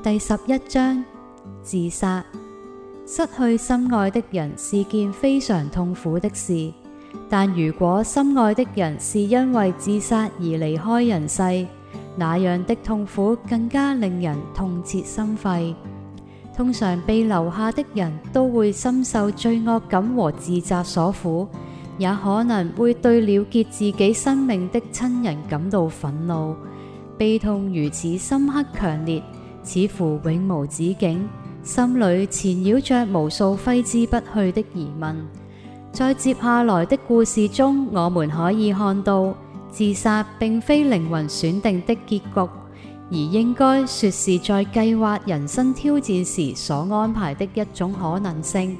第十一章自殺。失去心愛的人是件非常痛苦的事，但如果心愛的人是因為自殺而離開人世，那樣的痛苦更加令人痛徹心肺。通常被留下的人都會深受罪惡感和自責所苦，也可能會對了結自己生命的親人感到憤怒。悲痛如此深刻強烈。似乎永無止境，心裏纏繞着無數揮之不去的疑問。在接下來的故事中，我們可以看到，自殺並非靈魂選定的結局，而應該說是在計劃人生挑戰時所安排的一種可能性。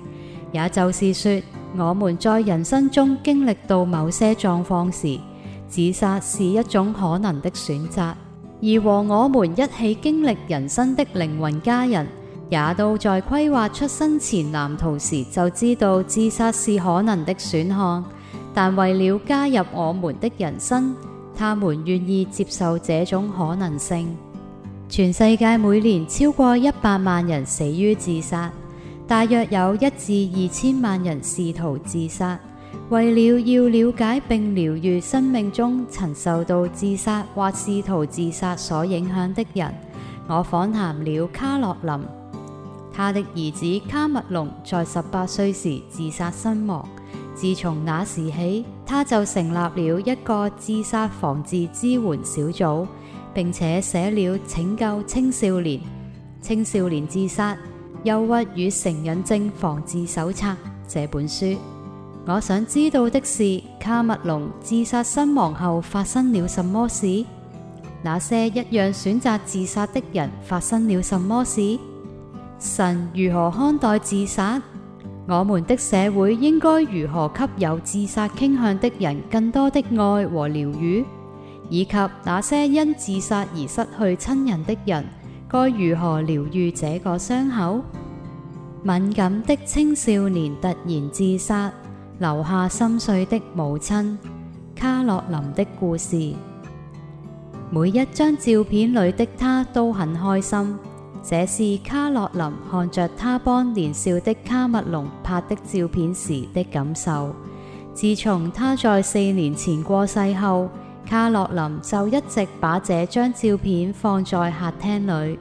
也就是說，我們在人生中經歷到某些狀況時，自殺是一種可能的選擇。而和我們一起經歷人生的靈魂家人，也都在規劃出生前藍圖時就知道自殺是可能的選項。但為了加入我們的人生，他們願意接受這種可能性。全世界每年超過一百萬人死於自殺，大約有一至二千萬人試圖自殺。為了要了解並療癒生命中曾受到自殺或試圖自殺所影響的人，我訪談了卡洛琳。他的兒子卡麥隆在十八歲時自殺身亡。自從那時起，他就成立了一個自殺防治支援小組，並且寫了《拯救青少年：青少年自殺、憂鬱與成癮症防治手冊》這本書。我想知道的是，卡麥隆自殺身亡後發生了什麼事？那些一樣選擇自殺的人發生了什麼事？神如何看待自殺？我們的社會應該如何給有自殺傾向的人更多的愛和療愈？以及那些因自殺而失去親人的人，該如何療愈這個傷口？敏感的青少年突然自殺。留下心碎的母親卡洛琳的故事。每一張照片裏的她都很開心。這是卡洛琳看着她幫年少的卡麥龍拍的照片時的感受。自從她在四年前過世後，卡洛琳就一直把這張照片放在客廳裏。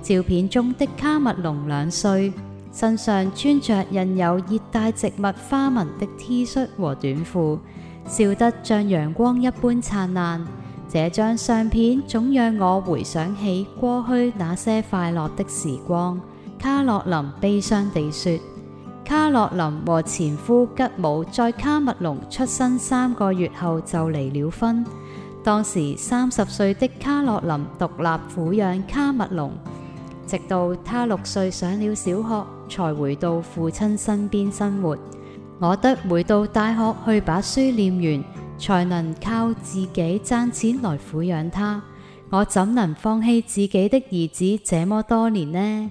照片中的卡麥龍兩歲。身上穿着印有熱帶植物花紋的 T 恤和短褲，笑得像陽光一般燦爛。這張相片總讓我回想起過去那些快樂的時光。卡洛琳悲傷地說。卡洛琳和前夫吉姆在卡密隆出生三個月後就離了婚。當時三十歲的卡洛琳獨立撫養卡密隆，直到他六歲上了小學。才回到父親身邊生活，我得回到大學去把書念完，才能靠自己掙錢來撫養他。我怎能放棄自己的兒子這麼多年呢？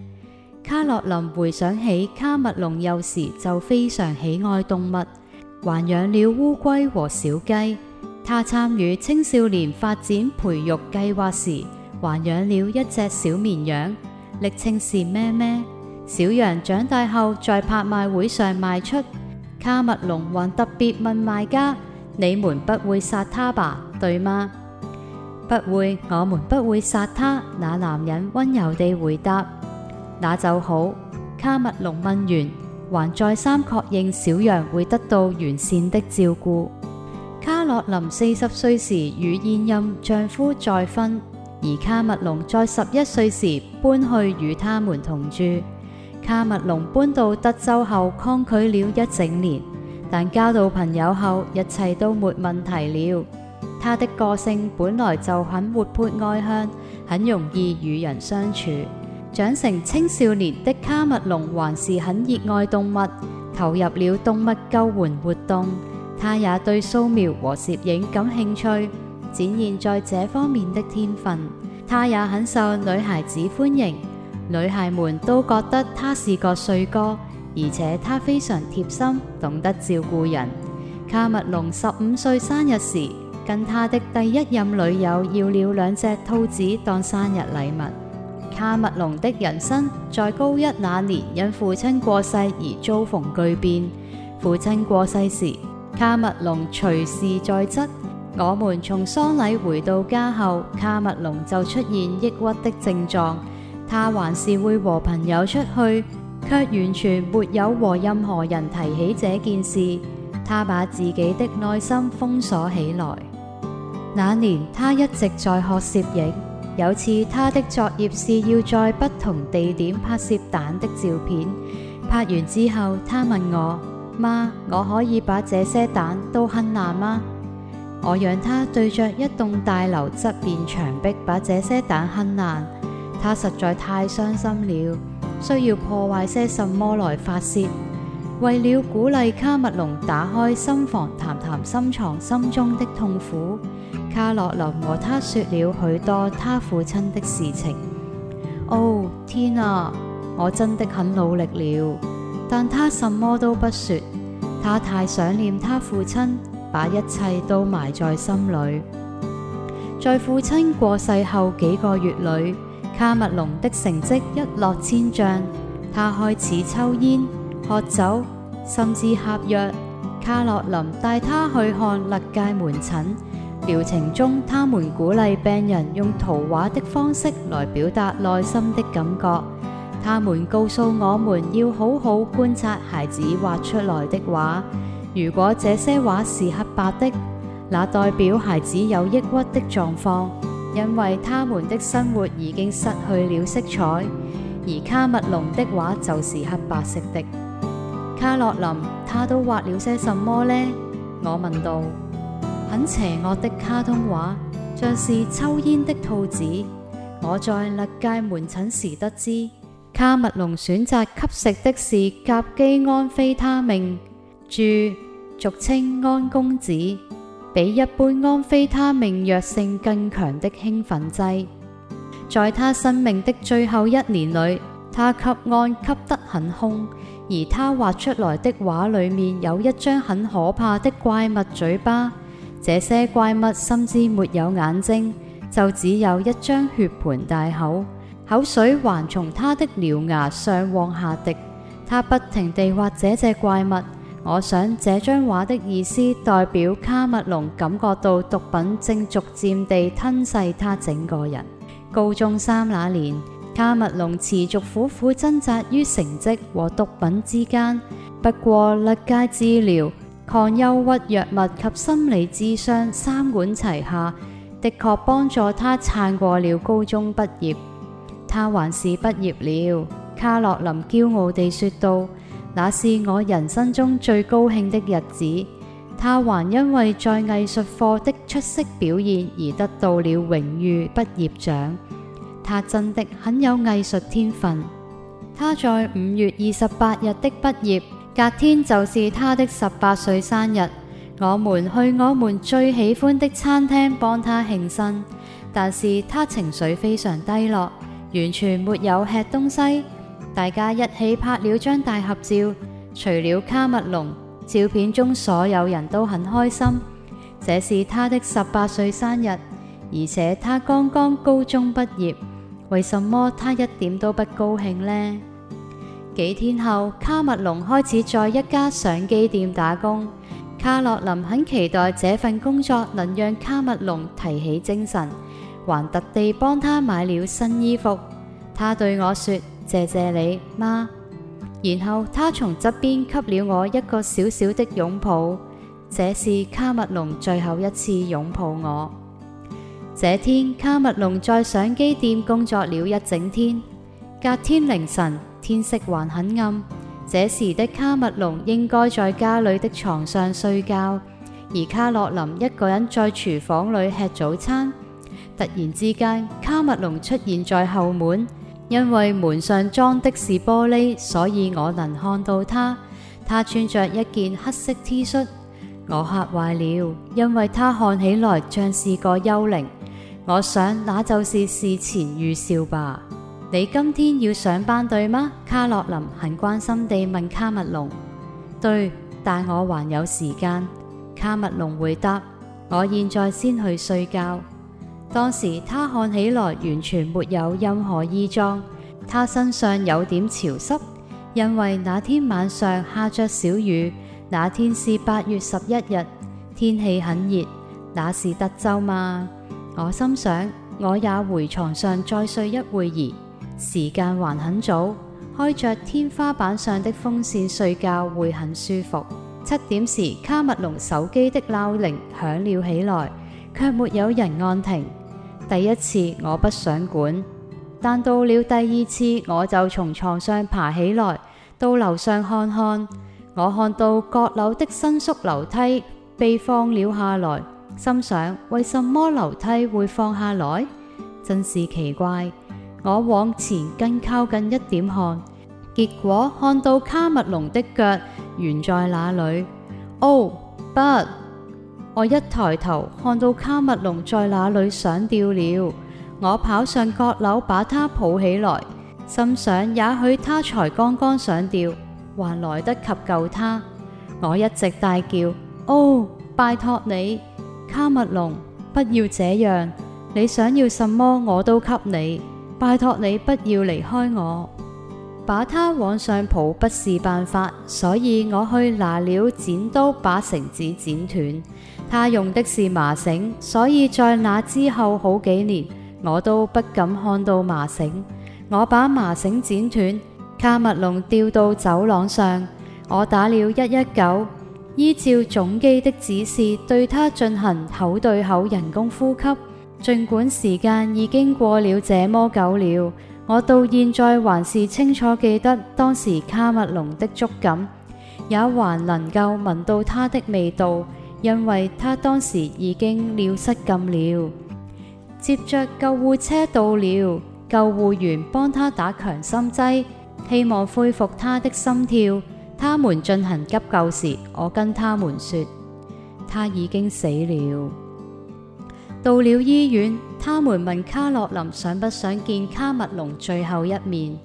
卡洛琳回想起卡麥隆幼時就非常喜愛動物，還養了烏龜和小雞。他參與青少年發展培育計劃時，還養了一隻小綿羊。昵稱是咩咩。小羊長大後，在拍賣會上賣出卡麥龍，還特別問賣家：你們不會殺他吧？對嗎？不會，我們不會殺他。那男人溫柔地回答：那就好。卡麥龍問完，還再三確認小羊會得到完善的照顧。卡洛琳四十歲時與現任丈夫再婚，而卡麥龍在十一歲時搬去與他們同住。卡密龍搬到德州後抗拒了一整年，但交到朋友後一切都沒問題了。他的個性本來就很活潑外向，很容易與人相處。長成青少年的卡密龍還是很熱愛動物，投入了動物救援活動。他也對素描和攝影感興趣，展現在這方面的天分。他也很受女孩子歡迎。女孩們都覺得他是個帥哥，而且他非常貼心，懂得照顧人。卡麥龍十五歲生日時，跟他的第一任女友要了兩隻兔子當生日禮物。卡麥龍的人生在高一那年因父親過世而遭逢巨變。父親過世時，卡麥龍隨時在側。我們從喪禮回到家後，卡麥龍就出現抑鬱的症狀。他還是會和朋友出去，卻完全沒有和任何人提起這件事。他把自己的內心封鎖起來。那年他一直在學攝影，有次他的作業是要在不同地點拍攝蛋的照片。拍完之後，他問我：媽，我可以把這些蛋都哼爛嗎？我讓他對着一棟大樓側邊牆壁把這些蛋哼爛。他實在太傷心了，需要破壞些什麼來發洩。為了鼓勵卡麥隆打開心房，談談心藏，心中的痛苦，卡洛琳和他說了許多他父親的事情。哦，天啊，我真的很努力了，但他什麼都不說。他太想念他父親，把一切都埋在心裏。在父親過世後幾個月裏。卡密隆的成績一落千丈，他開始抽煙、喝酒，甚至嗑藥。卡洛琳帶他去看勒戒門診，療程中他們鼓勵病人用圖畫的方式來表達內心的感覺。他們告訴我們要好好觀察孩子畫出來的畫，如果這些畫是黑白的，那代表孩子有抑鬱的狀況。因為他們的生活已經失去了色彩，而卡密隆的畫就是黑白色的。卡洛琳，他都畫了些什麼呢？我問道。很邪惡的卡通畫，像是抽煙的兔子。我在勒戒門診時得知，卡密隆選擇吸食的是甲基安非他命，注俗稱安公子。比一般安非他命藥性更強的興奮劑，在他生命的最後一年裏，他吸安吸得很兇，而他畫出來的畫裏面有一張很可怕的怪物嘴巴，這些怪物甚至沒有眼睛，就只有一張血盆大口，口水還從他的獠牙上往下滴，他不停地畫這隻怪物。我想這張畫的意思代表卡麥隆感覺到毒品正逐漸地吞噬他整個人。高中三那年，卡麥隆持續苦苦掙扎於成績和毒品之間。不過，勒戒治療、抗憂鬱藥物及心理諮商三管齊下的確幫助他撐過了高中畢業。他還是畢業了。卡洛琳驕傲地說道。那是我人生中最高興的日子。他還因為在藝術課的出色表現而得到了榮譽畢業獎。他真的很有藝術天分。他在五月二十八日的畢業，隔天就是他的十八歲生日。我們去我們最喜歡的餐廳幫他慶生，但是他情緒非常低落，完全沒有吃東西。大家一起拍了張大合照，除了卡麥隆，照片中所有人都很開心。這是他的十八歲生日，而且他剛剛高中畢業，為什麼他一點都不高興呢？幾天後，卡麥隆開始在一家相機店打工。卡洛琳很期待這份工作能讓卡麥隆提起精神，還特地幫他買了新衣服。他對我說。謝謝你，媽。然後他從側邊給了我一個小小的擁抱，這是卡麥隆最後一次擁抱我。這天卡麥隆在相機店工作了一整天，隔天凌晨天色還很暗，這時的卡麥隆應該在家裏的床上睡覺，而卡洛琳一個人在廚房裏吃早餐。突然之間，卡麥隆出現在後門。因為門上裝的是玻璃，所以我能看到他。他穿着一件黑色 T 恤，我嚇壞了，因為他看起來像是個幽靈。我想那就是事前預兆吧。你今天要上班對嗎？卡洛琳很關心地問卡麥隆。對，但我還有時間。卡麥隆回答。我現在先去睡覺。當時他看起來完全沒有任何異狀，他身上有點潮濕，因為那天晚上下着小雨。那天是八月十一日，天氣很熱，那是德州嘛？我心想，我也回床上再睡一會兒，時間還很早，開着天花板上的風扇睡覺會很舒服。七點時，卡麥隆手機的鬧鈴響了起來，却沒有人按停。第一次我不想管，但到了第二次我就從床上爬起來，到樓上看看。我看到閣樓的伸縮樓梯被放了下來，心想為什麼樓梯會放下來？真是奇怪。我往前更靠近一點看，結果看到卡麥隆的腳懸在那裡。哦，不！我一抬頭，看到卡密龍在那裡上吊了。我跑上閣樓，把他抱起來，心想也許他才剛剛上吊，還來得及救他。我一直大叫：哦、oh，拜托你，卡密龍，不要這樣。你想要什麼我都給你，拜托你不要離開我。把他往上抱不是辦法，所以我去拿了剪刀把繩子剪斷。他用的是麻繩，所以在那之後好幾年，我都不敢看到麻繩。我把麻繩剪斷，卡麥隆掉到走廊上，我打了一一九，依照總機的指示對他進行口對口人工呼吸。儘管時間已經過了這麼久了。我到現在還是清楚記得當時卡麥隆的觸感，也還能夠聞到他的味道，因為他當時已經尿失禁了。接著救護車到了，救護員幫他打強心劑，希望恢復他的心跳。他們進行急救時，我跟他們說他已經死了。到了醫院，他們問卡洛琳想不想見卡麥隆最後一面。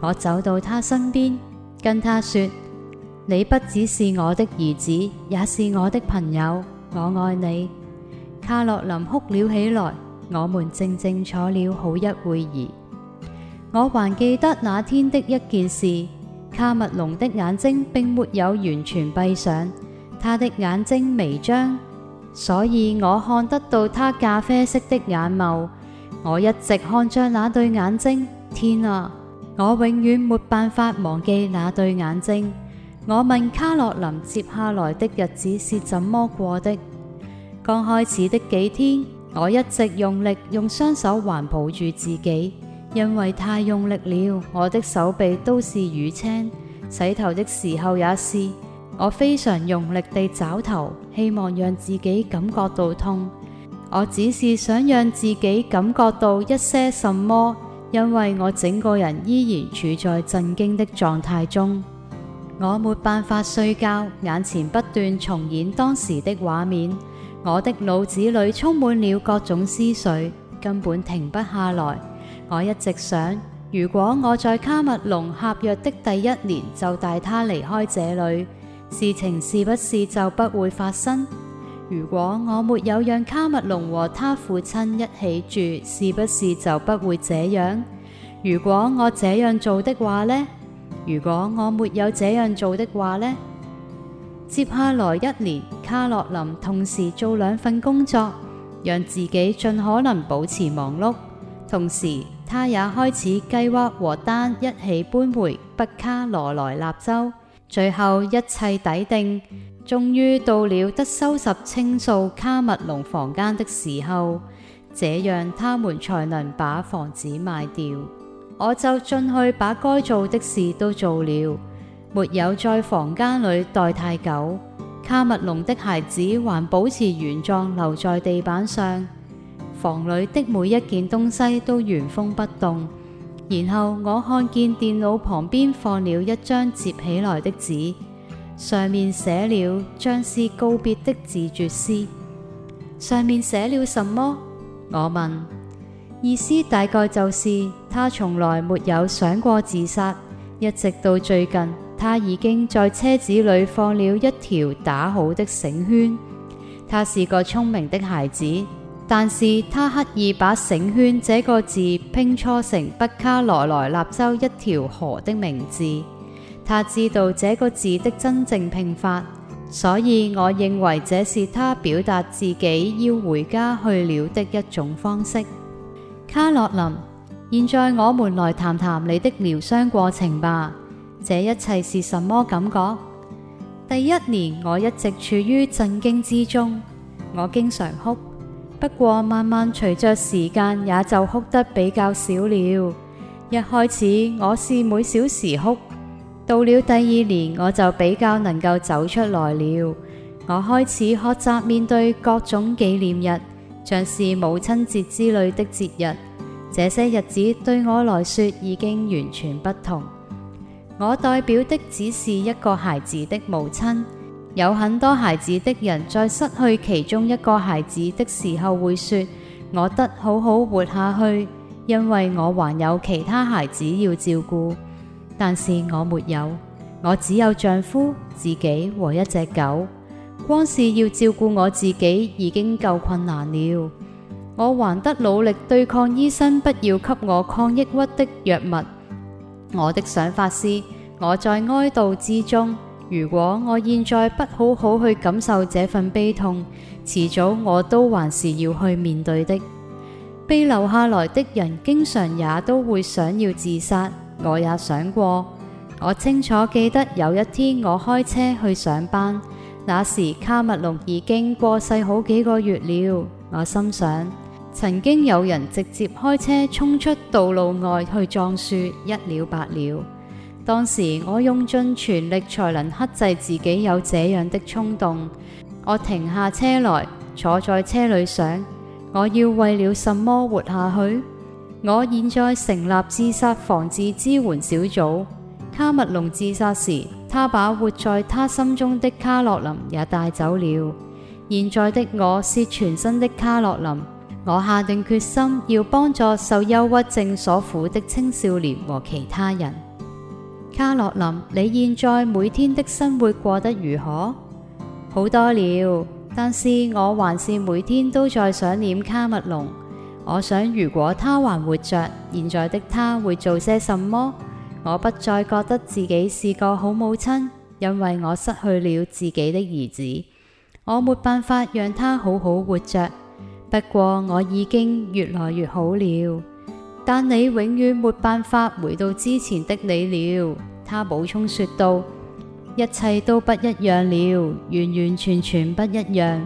我走到他身邊，跟他說：你不只是我的兒子，也是我的朋友。我愛你。卡洛琳哭了起來。我們靜靜坐了好一會兒。我還記得那天的一件事：卡麥隆的眼睛並沒有完全閉上，他的眼睛微張。所以我看得到他咖啡色的眼眸，我一直看着那對眼睛。天啊，我永遠沒辦法忘記那對眼睛。我問卡洛琳接下來的日子是怎麼過的。剛開始的幾天，我一直用力用雙手還抱住自己，因為太用力了，我的手臂都是淤青。洗頭的時候也是。我非常用力地找頭，希望讓自己感覺到痛。我只是想讓自己感覺到一些什麼，因為我整個人依然處在震驚的狀態中。我沒辦法睡覺，眼前不斷重演當時的畫面。我的腦子裏充滿了各種思緒，根本停不下來。我一直想，如果我在卡密隆合約的第一年就帶他離開這裏，事情是不是就不會發生？如果我沒有讓卡密隆和他父親一起住，是不是就不會這樣？如果我這樣做的話呢？如果我沒有這樣做的話呢？接下來一年，卡洛琳同時做兩份工作，讓自己盡可能保持忙碌。同時，他也開始計劃和丹一起搬回北卡羅來納州。最後一切抵定，終於到了得收拾清掃卡密隆房間的時候，這樣他們才能把房子賣掉。我就進去把該做的事都做了，沒有在房間裏待太久。卡密隆的孩子還保持原狀留在地板上，房裏的每一件東西都原封不動。然後我看見電腦旁邊放了一張折起來的紙，上面寫了像是告別的自絕詩。上面寫了什麼？我問。意思大概就是他從來沒有想過自殺，一直到最近，他已經在車子裡放了一條打好的繩圈。他是個聰明的孩子。但是他刻意把繩圈這個字拼錯成北卡羅來納州一條河的名字。他知道這個字的真正拼法，所以我認為這是他表達自己要回家去了的一種方式。卡洛琳，現在我們來談談你的療傷過程吧。這一切是什麼感覺？第一年我一直處於震驚之中，我經常哭。不過慢慢隨着時間，也就哭得比較少了。一開始我是每小時哭，到了第二年我就比較能夠走出來了。我開始學習面對各種紀念日，像是母親節之類的節日。這些日子對我來說已經完全不同。我代表的只是一個孩子的母親。有很多孩子的人在失去其中一個孩子的時候會說：我得好好活下去，因為我還有其他孩子要照顧。但是我沒有，我只有丈夫、自己和一隻狗。光是要照顧我自己已經夠困難了，我還得努力對抗醫生，不要給我抗抑鬱的藥物。我的想法是，我在哀悼之中。如果我現在不好好去感受這份悲痛，遲早我都還是要去面對的。被留下來的人，經常也都會想要自殺。我也想過，我清楚記得有一天我開車去上班，那時卡麥隆已經過世好幾個月了。我心想，曾經有人直接開車衝出道路外去撞樹，一了百了。當時我用盡全力才能克制自己有這樣的衝動。我停下車來，坐在車裏想：我要為了什麼活下去？我現在成立自殺防治支援小組。卡密隆自殺時，他把活在他心中的卡洛琳也帶走了。現在的我是全新的卡洛琳，我下定決心要幫助受憂鬱症所苦的青少年和其他人。卡洛琳，你現在每天的生活過得如何？好多了，但是我還是每天都在想念卡密龍。我想如果他還活着，現在的他會做些什麼？我不再覺得自己是個好母親，因為我失去了自己的兒子。我沒辦法讓他好好活着，不過我已經越來越好了。但你永遠沒辦法回到之前的你了，他補充說道，一切都不一樣了，完完全全不一樣。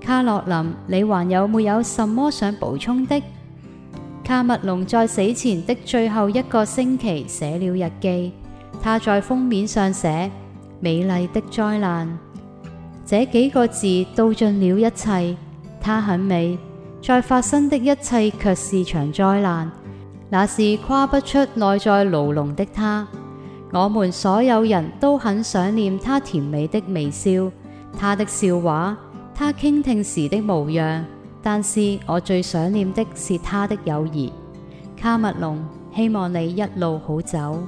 卡洛琳，你還有沒有什麼想補充的？卡麥龍在死前的最後一個星期寫了日記，他在封面上寫：美麗的災難。這幾個字道盡了一切，他很美。再發生的一切卻是場災難，那是跨不出內在牢籠的他。我們所有人都很想念他甜美的微笑，他的笑話，他傾聽時的模樣。但是我最想念的是他的友誼。卡麥隆，希望你一路好走。